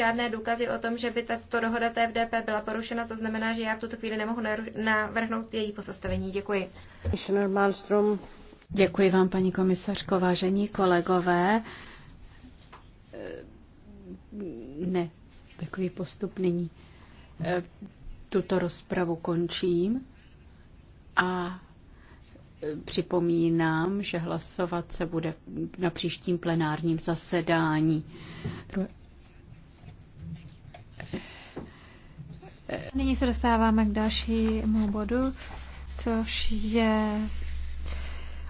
žádné důkazy o tom, že by tato dohoda TFDP byla porušena. To znamená, že já v tuto chvíli nemohu navrhnout její pozastavení. Děkuji. Děkuji vám, paní komisařko, vážení kolegové. Eh, ne, takový postup není. Eh, tuto rozpravu končím a eh, připomínám, že hlasovat se bude na příštím plenárním zasedání. Nyní se dostáváme k dalšímu bodu, což je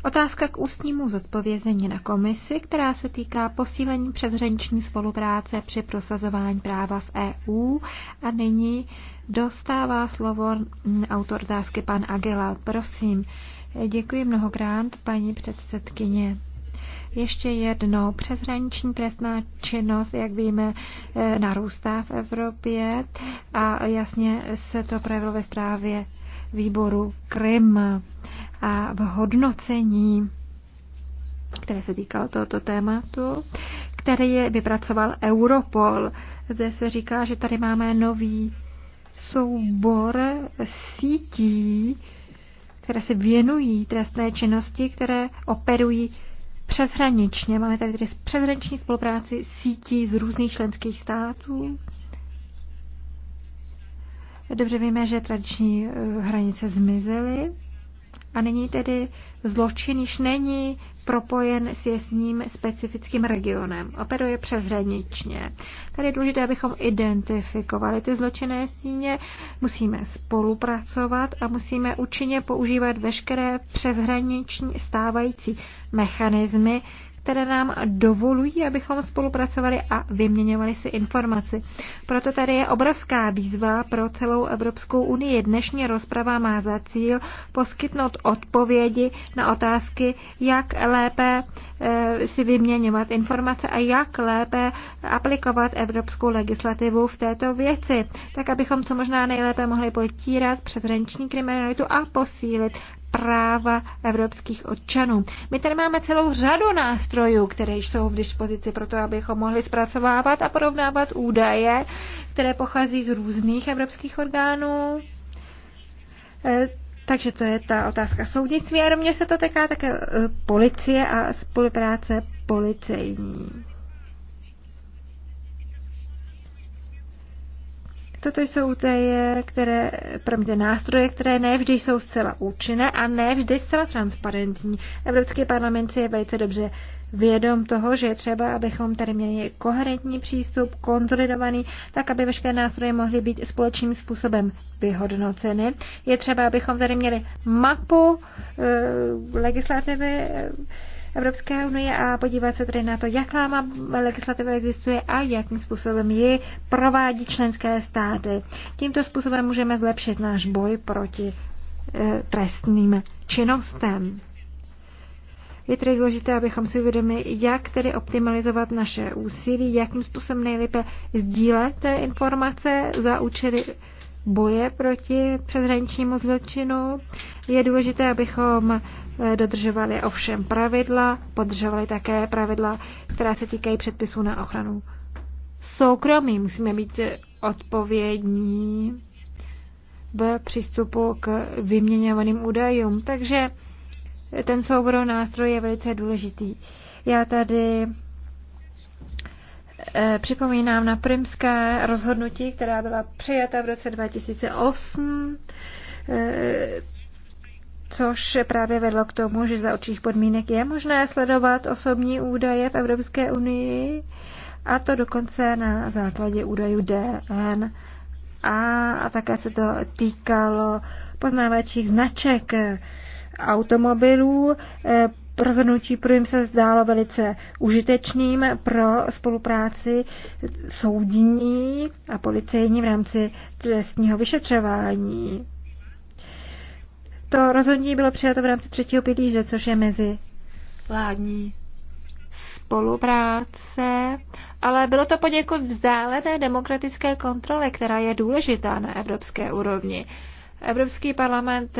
otázka k ústnímu zodpovězení na komisi, která se týká posílení přeshraniční spolupráce při prosazování práva v EU. A nyní dostává slovo autor otázky pan Agila. Prosím. Děkuji mnohokrát, paní předsedkyně. Ještě jednou, přeshraniční trestná činnost, jak víme, eh, narůstá v Evropě a jasně se to projevilo ve zprávě výboru Krym a v hodnocení, které se týkalo tohoto tématu, které je vypracoval Europol. Zde se říká, že tady máme nový soubor sítí, které se věnují trestné činnosti, které operují přeshraničně. Máme tady tedy přeshraniční spolupráci sítí z různých členských států. Dobře víme, že tradiční eh, hranice zmizely. A nyní tedy zločin již není propojen s jasným specifickým regionem. Operuje přeshraničně. Tady je důležité, abychom identifikovali ty zločinné síně. Musíme spolupracovat a musíme účinně používat veškeré přeshraniční stávající mechanismy, které nám dovolují, abychom spolupracovali a vyměňovali si informaci. Proto tady je obrovská výzva pro celou Evropskou unii. Dnešní rozprava má za cíl poskytnout odpovědi na otázky, jak lépe eh, si vyměňovat informace a jak lépe aplikovat evropskou legislativu v této věci, tak abychom co možná nejlépe mohli potírat přeshraniční kriminalitu a posílit práva evropských občanů. My tady máme celou řadu nástrojů, které jsou v dispozici pro to, abychom mohli zpracovávat a porovnávat údaje, které pochází z různých evropských orgánů. E, takže to je ta otázka soudnictví a rovně se to týká také e, policie a spolupráce policejní. Toto jsou údaje, které, promiňte, nástroje, které nevždy jsou zcela účinné a nevždy zcela transparentní. Evropský parlament si je velice dobře vědom toho, že je třeba, abychom tady měli koherentní přístup, konzolidovaný, tak aby veškeré nástroje mohly být společným způsobem vyhodnoceny. Je třeba, abychom tady měli mapu e, legislativy. E, Evropské unie a podívat se tedy na to, jaká má legislativa existuje a jakým způsobem ji provádí členské státy. Tímto způsobem můžeme zlepšit náš boj proti e, trestným činnostem. Je tedy důležité, abychom si uvědomili, jak tedy optimalizovat naše úsilí, jakým způsobem nejlépe sdílet informace za účely boje proti přeshraničnímu zločinu. Je důležité, abychom eh, dodržovali ovšem pravidla, podržovali také pravidla, která se týkají předpisů na ochranu soukromí. Musíme být eh, odpovědní v přístupu k vyměňovaným údajům. Takže ten souborový nástroj je velice důležitý. Já tady Eh, připomínám na primské rozhodnutí, která byla přijata v roce 2008, eh, což právě vedlo k tomu, že za určitých podmínek je možné sledovat osobní údaje v Evropské unii, a to dokonce na základě údajů DN. A, a také se to týkalo poznávačích značek automobilů. Eh, rozhodnutí jim se zdálo velice užitečným pro spolupráci soudní a policejní v rámci trestního vyšetřování. To rozhodnutí bylo přijato v rámci třetího pilíře, což je mezi vládní spolupráce, ale bylo to poněkud vzdálené demokratické kontrole, která je důležitá na evropské úrovni. Evropský parlament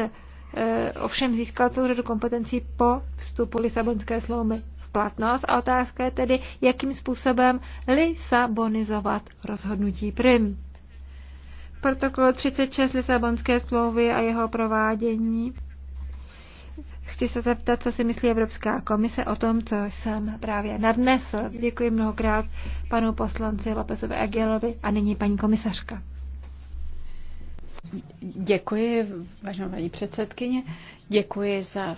Eh, ovšem získal celou řadu kompetencí po vstupu Lisabonské sloumy v platnost a otázka je tedy, jakým způsobem Lisabonizovat rozhodnutí prim. Protokol 36 Lisabonské smlouvy a jeho provádění. Chci se zeptat, co si myslí Evropská komise o tom, co jsem právě nadnesl. Děkuji mnohokrát panu poslanci Lopezovi Agelovi a nyní paní komisařka. Děkuji, vážená paní předsedkyně, děkuji za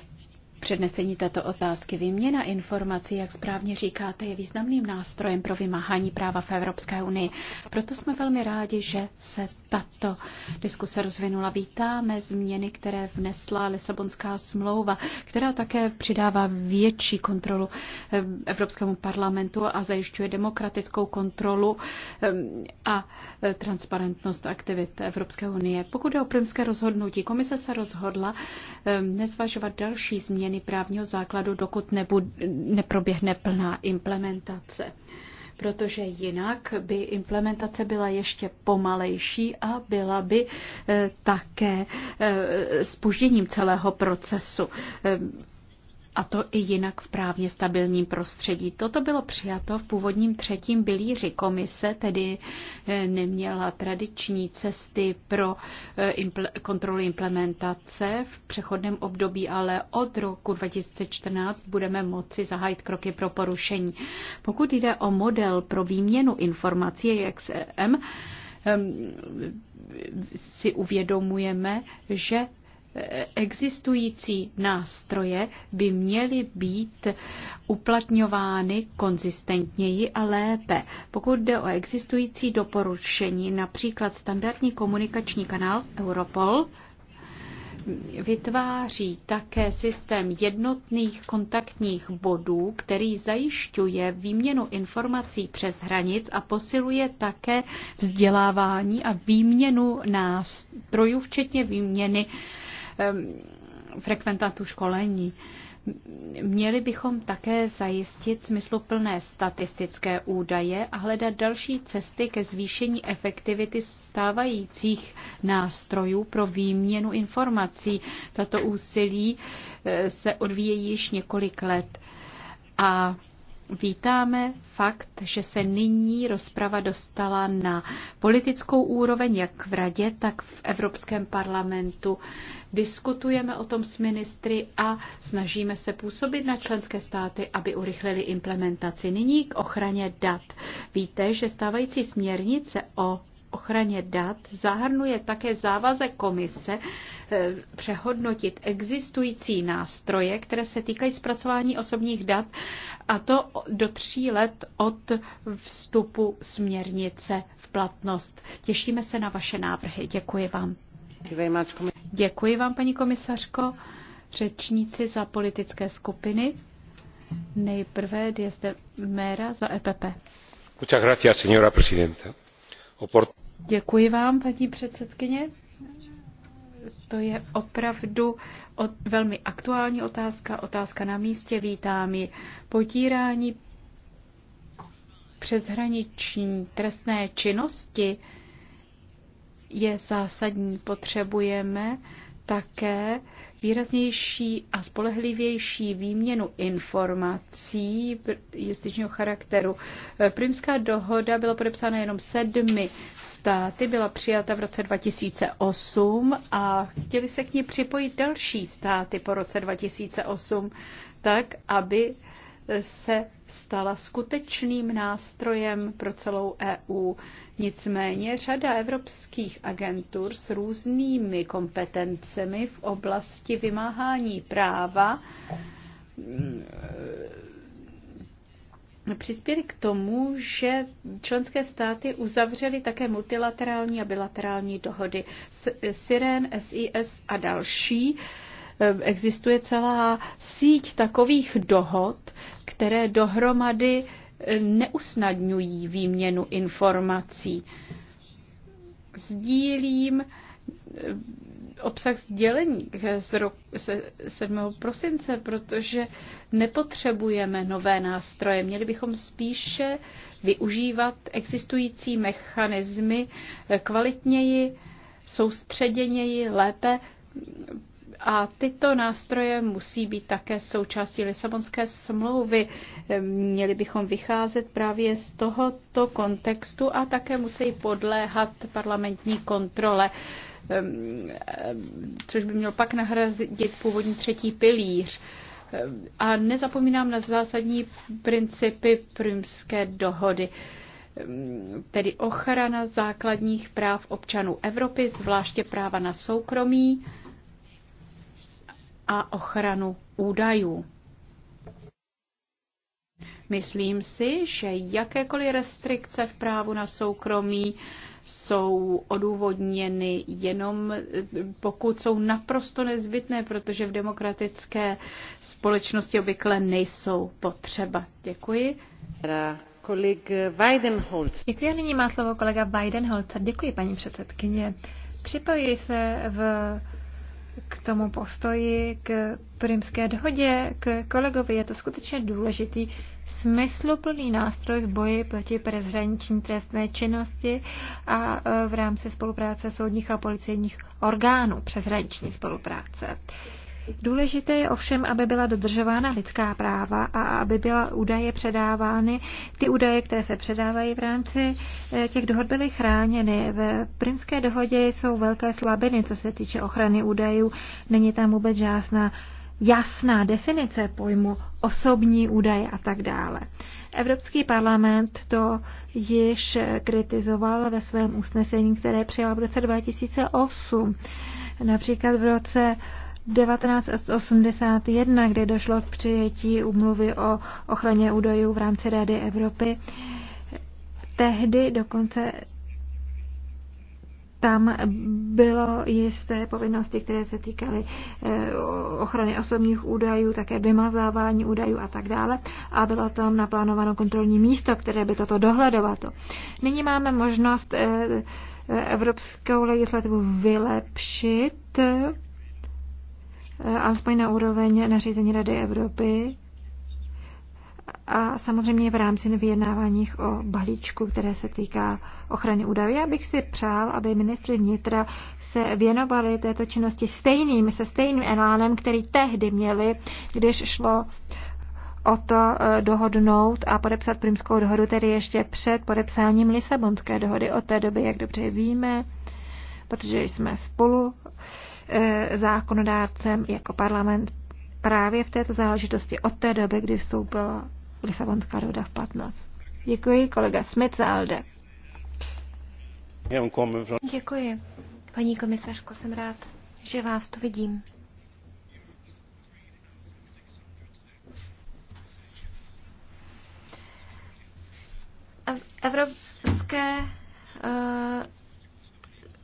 přednesení této otázky. Výměna informací, jak správně říkáte, je významným nástrojem pro vymáhání práva v Evropské unii. Proto jsme velmi rádi, že se tato diskuse rozvinula. Vítáme změny, které vnesla Lisabonská smlouva, která také přidává větší kontrolu eh, Evropskému parlamentu a zajišťuje demokratickou kontrolu eh, a eh, transparentnost aktivit Evropské unie. Pokud je o primské rozhodnutí, komise se rozhodla nezvažovat další změny změny právního základu, dokud nebud, neproběhne plná implementace. Protože jinak by implementace byla ještě pomalejší a byla by eh, také spožděním eh, celého procesu. Eh, a to i jinak v právně stabilním prostředí. Toto bylo přijato v původním třetím bilíři komise, tedy eh, neměla tradiční cesty pro eh, kontrolu implementace v přechodném období, ale od roku 2014 budeme moci zahájit kroky pro porušení. Pokud jde o model pro výměnu informací XM, ehm, si uvědomujeme, že existující nástroje by měly být uplatňovány konzistentněji a lépe. Pokud jde o existující doporučení, například standardní komunikační kanál Europol, vytváří také systém jednotných kontaktních bodů, který zajišťuje výměnu informací přes hranic a posiluje také vzdělávání a výměnu nástrojů, včetně výměny uh, frekventantů školení. Měli bychom také zajistit smysluplné statistické údaje a hledat další cesty ke zvýšení efektivity stávajících nástrojů pro výměnu informací. Tato úsilí eh, se odvíjí již několik let. A Vítáme fakt, že se nyní rozprava dostala na politickou úroveň, jak v Radě, tak v Evropském parlamentu. Diskutujeme o tom s ministry a snažíme se působit na členské státy, aby urychlili implementaci. Nyní k ochraně dat. Víte, že stávající směrnice o ochraně dat zahrnuje také závazek komise eh, přehodnotit existující nástroje, které se týkají zpracování osobních dat, a to do tří let od vstupu směrnice v platnost. Těšíme se na vaše návrhy. Děkuji vám. Děkuji vám, paní komisařko. Řečníci za politické skupiny. Nejprve je zde Mera za EPP. Muchas gracias, señora presidenta Děkuji vám, paní předsedkyně. To je opravdu velmi aktuální otázka, otázka na místě, vítám ji. Potírání přeshraniční trestné činnosti je zásadní. Potřebujeme také výraznější a spolehlivější výměnu informací justičního charakteru. Eh, Primská dohoda byla podepsána jenom sedmi státy, byla přijata v roce 2008 a chtěli se k ní připojit další státy po roce 2008, tak aby se stala skutečným nástrojem pro celou EU. Nicméně řada evropských agentur s různými kompetencemi v oblasti vymáhání práva mm, přispěly k tomu, že členské státy uzavřely také multilaterální a bilaterální dohody. Syren, SIS a další Eh, existuje celá síť takových dohod, které dohromady eh, neusnadňují výměnu informací. Sdílím eh, obsah sdělení z roku 7. prosince, protože nepotřebujeme nové nástroje. Měli bychom spíše využívat existující mechanismy kvalitněji, soustředěněji, lépe a tyto nástroje musí být také součástí Lisabonské smlouvy. Měli bychom vycházet právě z tohoto kontextu a také musí podléhat parlamentní kontrole ehm, ehm, což by měl pak nahradit původní třetí pilíř. Ehm, a nezapomínám na zásadní principy prýmské dohody, tedy ochrana základních práv občanů Evropy, zvláště práva na soukromí, a ochranu údajů. Myslím si, že jakékoliv restrikce v právu na soukromí jsou odůvodněny jenom pokud jsou naprosto nezbytné, protože v demokratické společnosti obvykle nejsou potřeba. Děkuji. Kolik Weidenholz. Děkuji a nyní má slovo kolega Weidenholz. Děkuji, paní předsedkyně. Připojuji se v k tomu postoji, k primské dohodě, k kolegovi. Je to skutečně důležitý, smysluplný nástroj v boji proti prezhraniční trestné činnosti a e, v rámci spolupráce soudních a policejních orgánů přeshraniční spolupráce. spolupráce. Důležité je ovšem, aby byla dodržována lidská práva a aby byla údaje předávány. Ty údaje, které se předávají v rámci eh, těch dohod, byly chráněny. V Primské dohodě jsou velké slabiny, co se týče ochrany údajů. Není tam vůbec žádná jasná definice pojmu osobní údaje a tak dále. Evropský parlament to již kritizoval ve svém usnesení, které přijal v roce 2008. Například v roce 1981, kde došlo k přijetí umluvy o ochraně údajů v rámci Rady Evropy, tehdy dokonce tam bylo jisté povinnosti, které se týkaly eh, ochrany osobních údajů, také vymazávání údajů a tak dále. A bylo tam naplánováno kontrolní místo, které by toto dohledovalo. Nyní máme možnost eh, eh, evropskou legislativu vylepšit alespoň na úroveň nařízení Rady Evropy a samozřejmě v rámci vyjednáváních o balíčku, které se týká ochrany údajů. Já bych si přál, aby ministry vnitra se věnovali této činnosti stejným, se stejným elánem, který tehdy měli, když šlo o to eh, dohodnout a podepsat Prýmskou dohodu, tedy ještě před podepsáním Lisabonské dohody. Od té doby, jak dobře víme, protože jsme spolu E, zákonodárcem jako parlament právě v této záležitosti od té doby, kdy vstoupila Lisabonská dohoda v platnost. Děkuji kolega Smith za Alde. Děkuji. Paní komisařko, jsem rád, že vás tu vidím. Evropské e,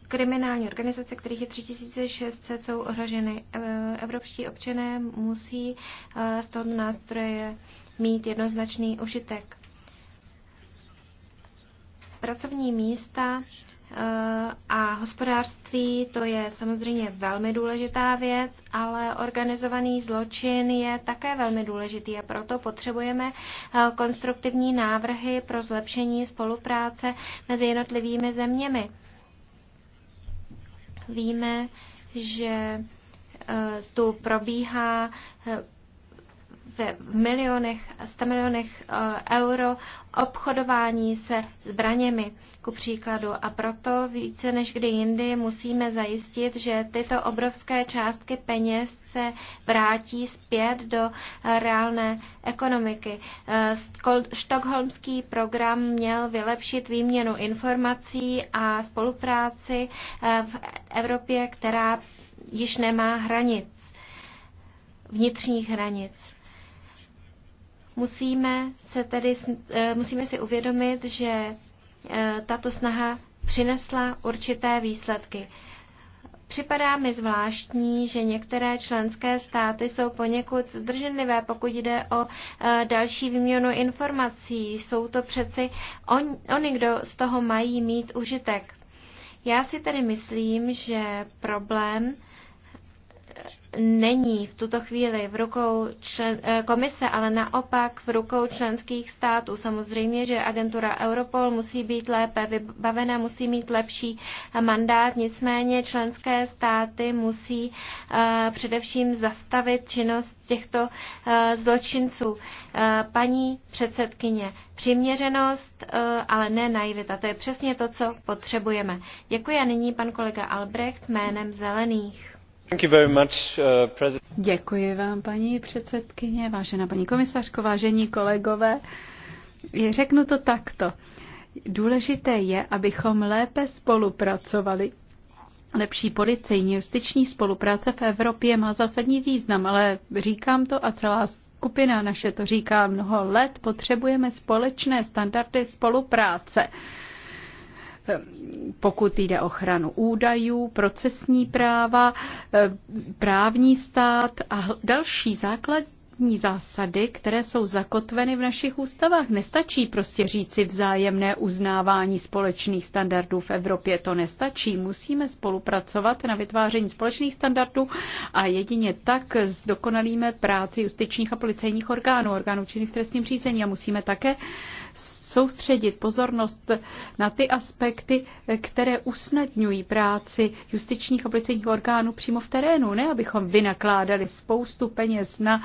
kriminální organizace, kterých je 3600, jsou ohroženy. E, evropští občané musí e, z tohoto nástroje mít jednoznačný užitek. Pracovní místa e, a hospodářství, to je samozřejmě velmi důležitá věc, ale organizovaný zločin je také velmi důležitý a proto potřebujeme konstruktivní návrhy pro zlepšení spolupráce mezi jednotlivými zeměmi. Víme, že eh, tu probíhá eh, v milionech, 100 milionech eh, euro obchodování se zbraněmi, ku příkladu. A proto více než kdy jindy musíme zajistit, že tyto obrovské částky peněz se vrátí zpět do eh, reálné ekonomiky. Eh, Štokholmský program měl vylepšit výměnu informací a spolupráci v Evropě, která již nemá hranic, vnitřních hranic. Musíme, se tedy, eh, musíme si uvědomit, že eh, tato snaha přinesla určité výsledky. Připadá mi zvláštní, že některé členské státy jsou poněkud zdrženlivé, pokud jde o eh, další výměnu informací. Jsou to přeci on, oni, kdo z toho mají mít užitek. Já si tedy myslím, že problém není v tuto chvíli v rukou člen, eh, komise, ale naopak v rukou členských států. Samozřejmě, že agentura Europol musí být lépe vybavena, musí mít lepší mandát, nicméně členské státy musí eh, především zastavit činnost těchto eh, zločinců. Paní předsedkyně, přiměřenost, ale ne naivita. To je přesně to, co potřebujeme. Děkuji a nyní pan kolega Albrecht jménem Zelených. Uh, Děkuji vám, paní předsedkyně, vážená paní komisařko, vážení kolegové. Řeknu to takto. Důležité je, abychom lépe spolupracovali. Lepší policejní justiční spolupráce v Evropě má zásadní význam, ale říkám to a celá skupina naše to říká mnoho let, potřebujeme společné standardy spolupráce pokud jde o ochranu údajů, procesní práva, eh, právní stát a další základní zásady, které jsou zakotveny v našich ústavách. Nestačí prostě říci vzájemné uznávání společných standardů v Evropě. To nestačí. Musíme spolupracovat na vytváření společných standardů a jedině tak zdokonalíme práci justičních a policejních orgánů, orgánů činných v trestním řízení a musíme také soustředit pozornost na ty aspekty, které usnadňují práci justičních a policejních orgánů přímo v terénu. Ne, abychom vynakládali spoustu peněz na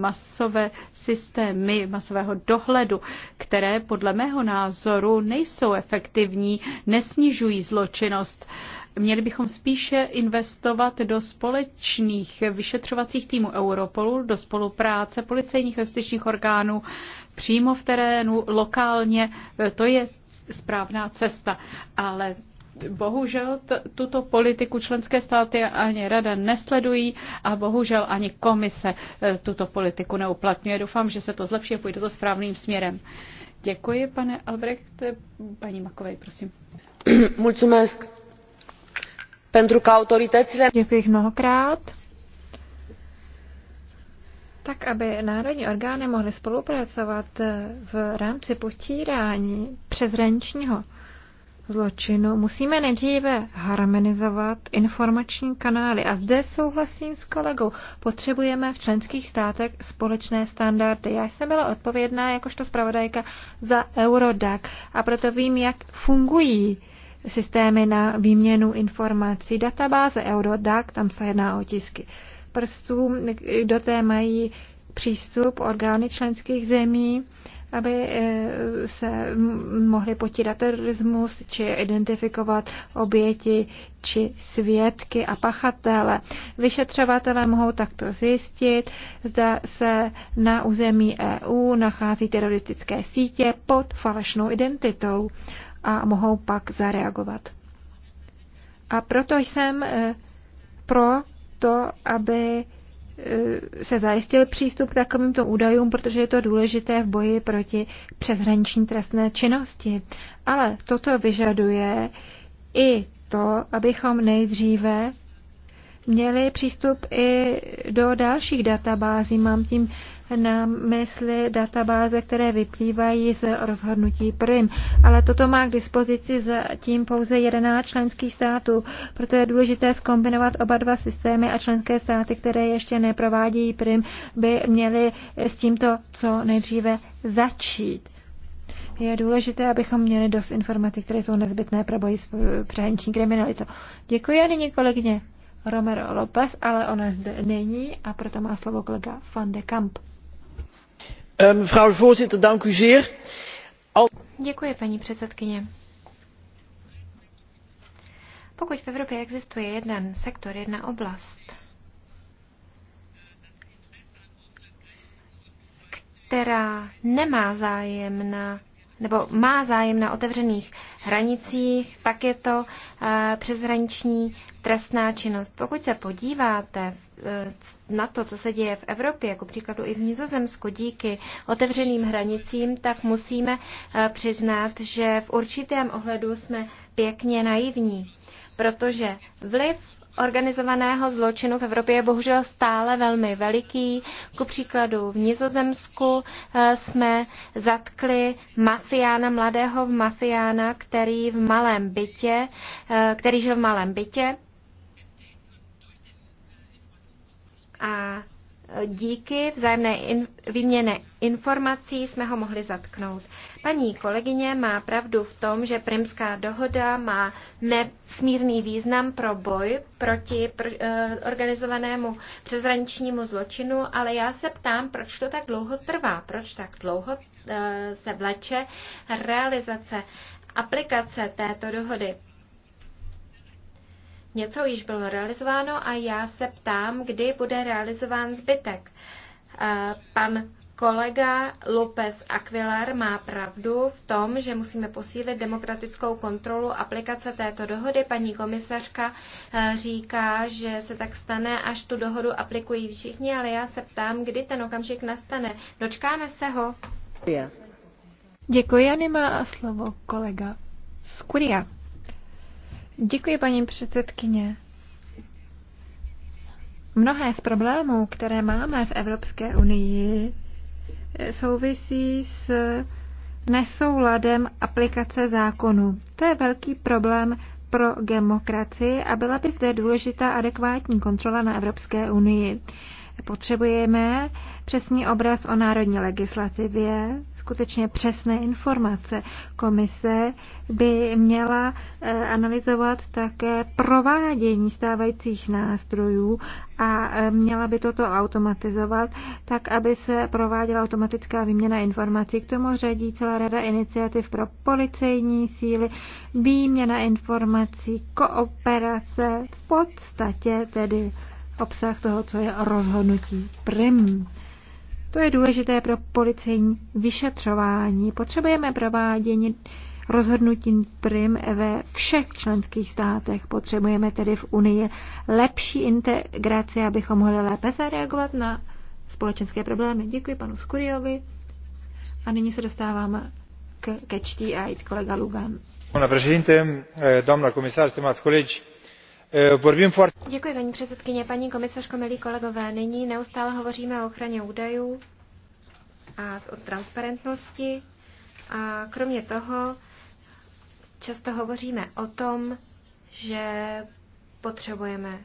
masové systémy masového dohledu, které podle mého názoru nejsou efektivní, nesnižují zločinnost měli bychom spíše investovat do společných vyšetřovacích týmů Europolu, do spolupráce policejních a justičních orgánů přímo v terénu, lokálně, e, to je správná cesta. Ale bohužel tuto politiku členské státy ani rada nesledují a bohužel ani komise e, tuto politiku neuplatňuje. Doufám, že se to zlepší a půjde to správným směrem. Děkuji, pane Albrecht. Paní Makovej, prosím. Mulțumesc. Pentru că autoritățile... Děkuji mnohokrát tak aby národní orgány mohly spolupracovat eh, v rámci potírání přezrančního zločinu, musíme nejdříve harmonizovat informační kanály. A zde souhlasím s kolegou. Potřebujeme v členských státech společné standardy. Já jsem byla odpovědná jakožto zpravodajka za Eurodac a proto vím, jak fungují systémy na výměnu informací. Databáze Eurodac, tam se jedná o tisky prstů, do té mají přístup orgány členských zemí, aby eh, se mohli potírat terorismus, či identifikovat oběti, či svědky a pachatele. Vyšetřovatelé mohou takto zjistit, zda se na území EU nachází teroristické sítě pod falešnou identitou a mohou pak zareagovat. A proto jsem eh, pro to, aby eh, se zajistil přístup k takovýmto údajům, protože je to důležité v boji proti přeshraniční trestné činnosti. Ale toto vyžaduje i to, abychom nejdříve měli přístup i do dalších databází. Mám tím na mysli databáze, které vyplývají z rozhodnutí PRIM. Ale toto má k dispozici zatím pouze 11 členských států, proto je důležité skombinovat oba dva systémy a členské státy, které ještě neprovádí PRIM, by měly s tímto co nejdříve začít. Je důležité, abychom měli dost informací, které jsou nezbytné pro boji s eh, přehraniční kriminalitou. Děkuji a nyní kolegyně Romero López, ale ona zde není a proto má slovo kolega van de Kamp. Ehm, mevrouw de voorzitter, dank u zeer. Děkuji, paní předsedkyně. Pokud v Evropě existuje jeden sektor, jedna oblast, která nemá zájem na nebo má zájem na otevřených hranicích, tak je to eh, přeshraniční trestná činnost. Pokud se podíváte eh, na to, co se děje v Evropě, jako příkladu i v Nizozemsku, díky otevřeným hranicím, tak musíme eh, přiznat, že v určitém ohledu jsme pěkně naivní, protože vliv organizovaného zločinu v Evropě je bohužel stále velmi veliký. Ku příkladu v Nizozemsku eh, jsme zatkli mafiána, mladého mafiána, který v malém bytě, eh, který žil v malém bytě a díky vzájemné in, výměně informací jsme ho mohli zatknout. Paní kolegyně má pravdu v tom, že Primská dohoda má nesmírný význam pro boj proti pr, eh, organizovanému přezraničnímu zločinu, ale já se ptám, proč to tak dlouho trvá, proč tak dlouho eh, se vleče realizace aplikace této dohody. Něco již bylo realizováno a já se ptám, kdy bude realizován zbytek. Eh, pan kolega López Aquilar má pravdu v tom, že musíme posílit demokratickou kontrolu aplikace této dohody. Paní komisařka eh, říká, že se tak stane, až tu dohodu aplikují všichni, ale já se ptám, kdy ten okamžik nastane. Dočkáme se ho? Děkuji Anima a slovo kolega Skuria. Děkuji, paní předsedkyně. Mnohé z problémů, které máme v Evropské unii, souvisí s nesouladem aplikace zákonu. To je velký problém pro demokracii a byla by zde důležitá adekvátní kontrola na Evropské unii. Potřebujeme přesný obraz o národní legislativě, skutečně přesné informace. Komise by měla eh, analyzovat také provádění stávajících nástrojů a eh, měla by toto automatizovat, tak aby se prováděla automatická výměna informací. K tomu řadí celá rada iniciativ pro policejní síly, výměna informací, kooperace, v podstatě tedy obsah toho, co je rozhodnutí první. To je důležité pro policejní vyšetřování. Potřebujeme provádění rozhodnutí prim ve všech členských státech. Potřebujeme tedy v Unii lepší integraci, abychom mohli lépe zareagovat na společenské problémy. Děkuji panu Skuriovi. A nyní se dostávám k, ke čtí a kolega Lugan. Pane prezidente, eh, doamna komisář, stimați colegi, Eh, Děkuji, paní předsedkyně, paní komisařko, milí kolegové. Nyní neustále hovoříme o ochraně údajů a o transparentnosti. A kromě toho často hovoříme o tom, že potřebujeme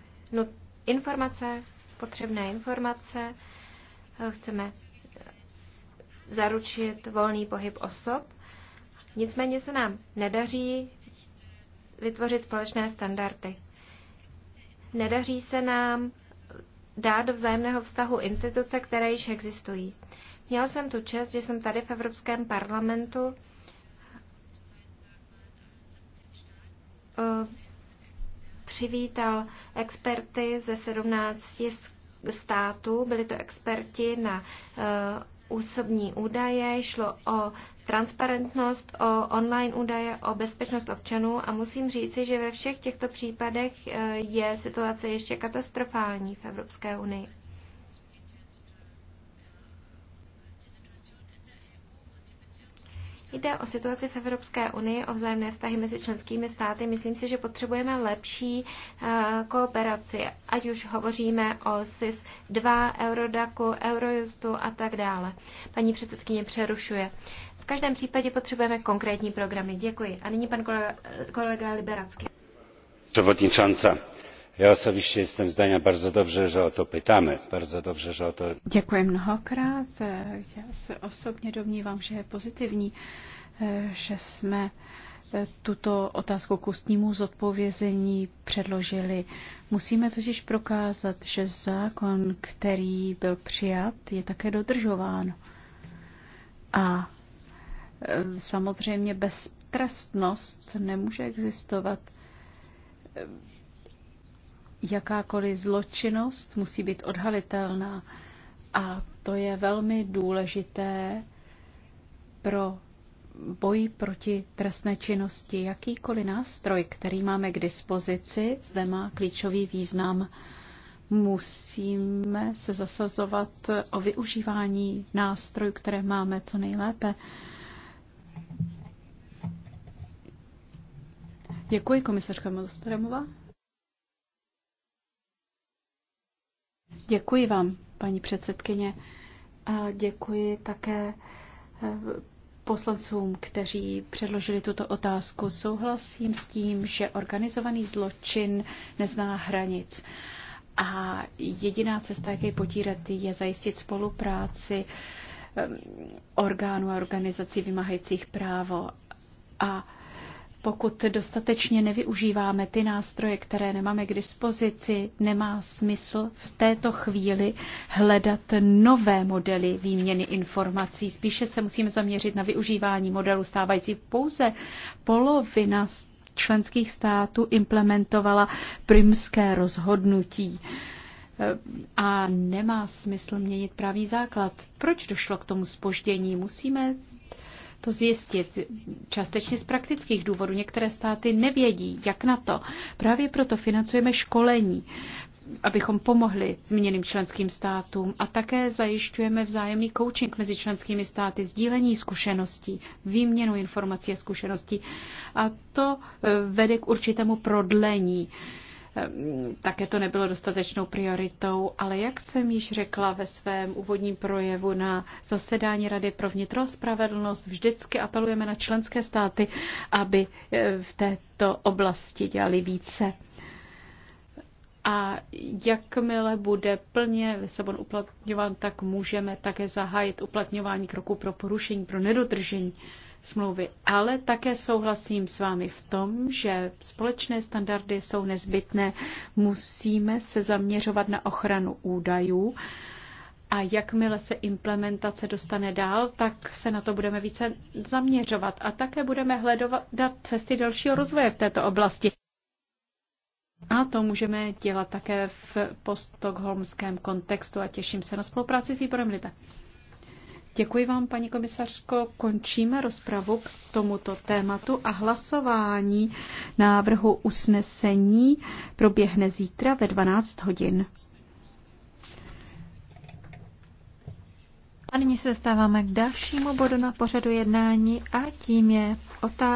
informace, potřebné informace, chceme zaručit volný pohyb osob. Nicméně se nám nedaří vytvořit společné standardy. Nedaří se nám dát do vzájemného vztahu instituce, které již existují. Měl jsem tu čest, že jsem tady v Evropském parlamentu eh, přivítal experty ze 17 států. Byli to experti na eh, osobní údaje, šlo o transparentnost, o online údaje, o bezpečnost občanů a musím říci, že ve všech těchto případech eh, je situace ještě katastrofální v Evropské unii. Jde o situaci v Evropské unii, o vzájemné vztahy mezi členskými státy. Myslím si, že potřebujeme lepší eh, kooperaci, ať už hovoříme o SIS 2, Eurodaku, Eurojustu a tak dále. Paní předsedkyně přerušuje. V každém případě potřebujeme konkrétní programy. Děkuji. A nyní pan kolega, kolega Liberacký. Przewodnicząca já osobiście jestem zdania bardzo dobrze że o to pytamy bardzo dobrze że o to. děkuji mnohokrát já se osobně domnívám že je pozitivní eh, že jsme eh, tuto otázku k ústnímu zodpovězení předložili. Musíme totiž prokázat, že zákon, který byl přijat, je také dodržován. A eh, samozřejmě beztrestnost nemůže existovat jakákoliv zločinnost musí být odhalitelná. A to je velmi důležité pro boj proti trestné činnosti. Jakýkoliv nástroj, který máme k dispozici, zde má klíčový význam. Musíme se zasazovat o využívání nástrojů, které máme co nejlépe. Děkuji, komisařka Mostremová. Děkuji vám, paní předsedkyně. A děkuji také eh, poslancům, kteří předložili tuto otázku. Souhlasím s tím, že organizovaný zločin nezná hranic. A jediná cesta, jak je potírat, je zajistit spolupráci ehm, orgánů a organizací vymáhajících právo. A pokud dostatečně nevyužíváme ty nástroje, které nemáme k dispozici, nemá smysl v této chvíli hledat nové modely výměny informací. Spíše se musíme zaměřit na využívání modelu stávající. Pouze polovina členských států implementovala primské rozhodnutí. Eh, a nemá smysl měnit pravý základ. Proč došlo k tomu spoždění? Musíme to zjistit. Částečně z praktických důvodů. Některé státy nevědí, jak na to. Právě proto financujeme školení abychom pomohli zmíněným členským státům a také zajišťujeme vzájemný coaching mezi členskými státy, sdílení zkušeností, výměnu informací a zkušeností. A to eh, vede k určitému prodlení Ehm, také to nebylo dostatečnou prioritou, ale jak jsem již řekla ve svém úvodním projevu na zasedání Rady pro vnitro a spravedlnost, vždycky apelujeme na členské státy, aby eh, v této oblasti dělali více. A jakmile bude plně Lisabon uplatňován, tak můžeme také zahájit uplatňování kroku pro porušení, pro nedodržení smlouvy. Ale také souhlasím s vámi v tom, že společné standardy jsou nezbytné. Musíme se zaměřovat na ochranu údajů. A jakmile se implementace dostane dál, tak se na to budeme více zaměřovat. A také budeme hledovat cesty dalšího rozvoje v této oblasti. A to můžeme dělat také v postokholmském kontextu a těším se na spolupráci s výborem Libe. Děkuji vám, paní komisařko. Končíme rozpravu k tomuto tématu a hlasování návrhu usnesení proběhne zítra ve 12 hodin. A nyní se dostáváme k dalšímu bodu na pořadu jednání a tím je otázka.